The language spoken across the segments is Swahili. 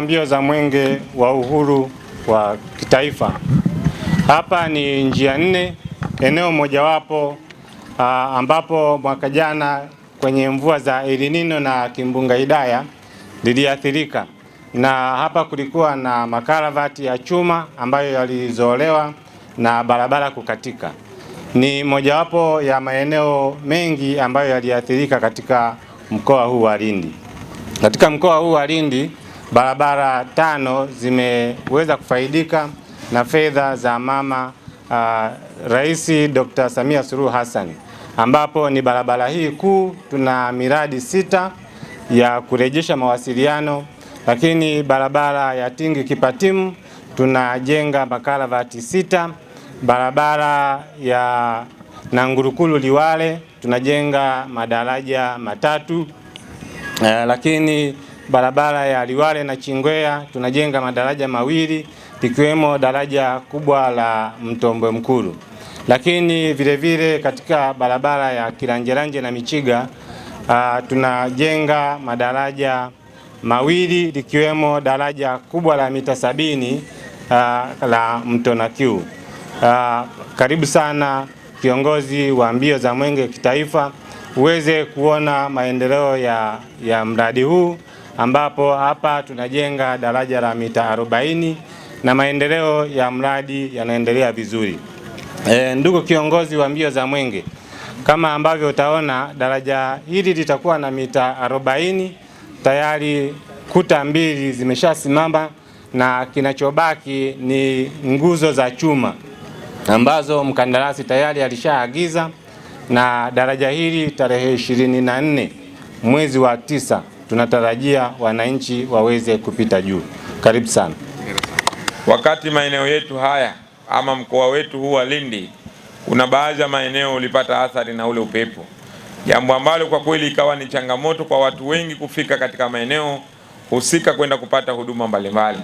Mbio za Mwenge wa Uhuru wa Kitaifa. Hapa ni njia nne, eneo mojawapo ah, ambapo mwaka jana kwenye mvua za El Nino na kimbunga Hidaya liliathirika, na hapa kulikuwa na makaravati ya chuma ambayo yalizolewa na barabara kukatika. Ni mojawapo ya maeneo mengi ambayo yaliathirika katika mkoa huu wa Lindi. Katika mkoa huu wa Lindi barabara tano zimeweza kufaidika na fedha za mama uh, Rais Dr. Samia Suluhu Hassan, ambapo ni barabara hii kuu tuna miradi sita ya kurejesha mawasiliano, lakini barabara ya Tingi Kipatimu tunajenga makaravati sita, barabara ya Nangurukulu Liwale tunajenga madaraja matatu uh, lakini barabara ya Liwale na Chingwea tunajenga madaraja mawili likiwemo daraja kubwa la Mtombwe Mkuru, lakini vilevile vile katika barabara ya kiranjeranje na Michiga uh, tunajenga madaraja mawili likiwemo daraja kubwa la mita sabini uh, la Mto kiu Uh, ah, karibu sana kiongozi wa mbio za mwenge kitaifa uweze kuona maendeleo ya, ya mradi huu ambapo hapa tunajenga daraja la mita 40 na maendeleo ya mradi yanaendelea vizuri. E, ndugu kiongozi wa mbio za Mwenge, kama ambavyo utaona daraja hili litakuwa na mita 40 tayari kuta mbili zimeshasimama na kinachobaki ni nguzo za chuma ambazo mkandarasi tayari alishaagiza, na daraja hili tarehe 24 mwezi wa tisa tunatarajia wananchi waweze kupita juu. Karibu sana. Wakati maeneo yetu haya ama mkoa wetu huu wa Lindi, kuna baadhi ya maeneo ulipata athari na ule upepo, jambo ambalo kwa kweli ikawa ni changamoto kwa watu wengi kufika katika maeneo husika kwenda kupata huduma mbalimbali,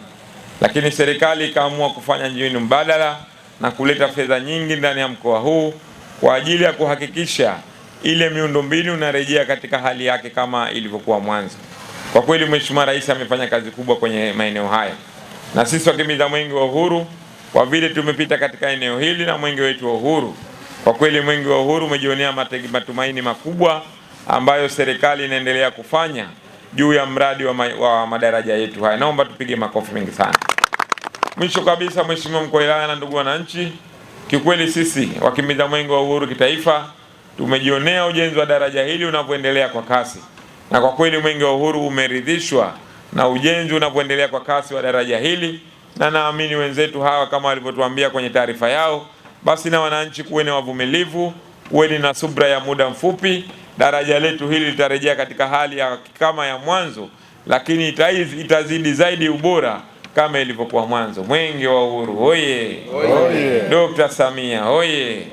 lakini serikali ikaamua kufanya njini mbadala na kuleta fedha nyingi ndani ya mkoa huu kwa ajili ya kuhakikisha ile miundombinu unarejea katika hali yake kama ilivyokuwa mwanzo. Kwa kweli Mheshimiwa Rais amefanya kazi kubwa kwenye maeneo haya, na sisi wakimiza mwenge wa uhuru, kwa vile tumepita katika eneo hili na mwenge wetu wa uhuru, kwa kweli mwenge wa uhuru umejionea matumaini makubwa ambayo serikali inaendelea kufanya juu ya mradi wa, wa madaraja yetu haya. Naomba tupige makofi mengi sana. Mwisho kabisa, Mheshimiwa mkuu wa wilaya na ndugu wananchi, kiukweli sisi wakimiza mwenge wa uhuru kitaifa Tumejionea ujenzi wa daraja hili unavyoendelea kwa kasi, na kwa kweli Mwenge wa Uhuru umeridhishwa na ujenzi unavyoendelea kwa kasi wa daraja hili, na naamini wenzetu hawa kama walivyotuambia kwenye taarifa yao, basi na wananchi kuweni wavumilivu, kuweni na subra ya muda mfupi. Daraja letu hili litarejea katika hali ya kama ya mwanzo, lakini itaiz, itazidi zaidi ubora kama ilivyokuwa mwanzo. Mwenge wa Uhuru hoye! Dr. Samia hoye!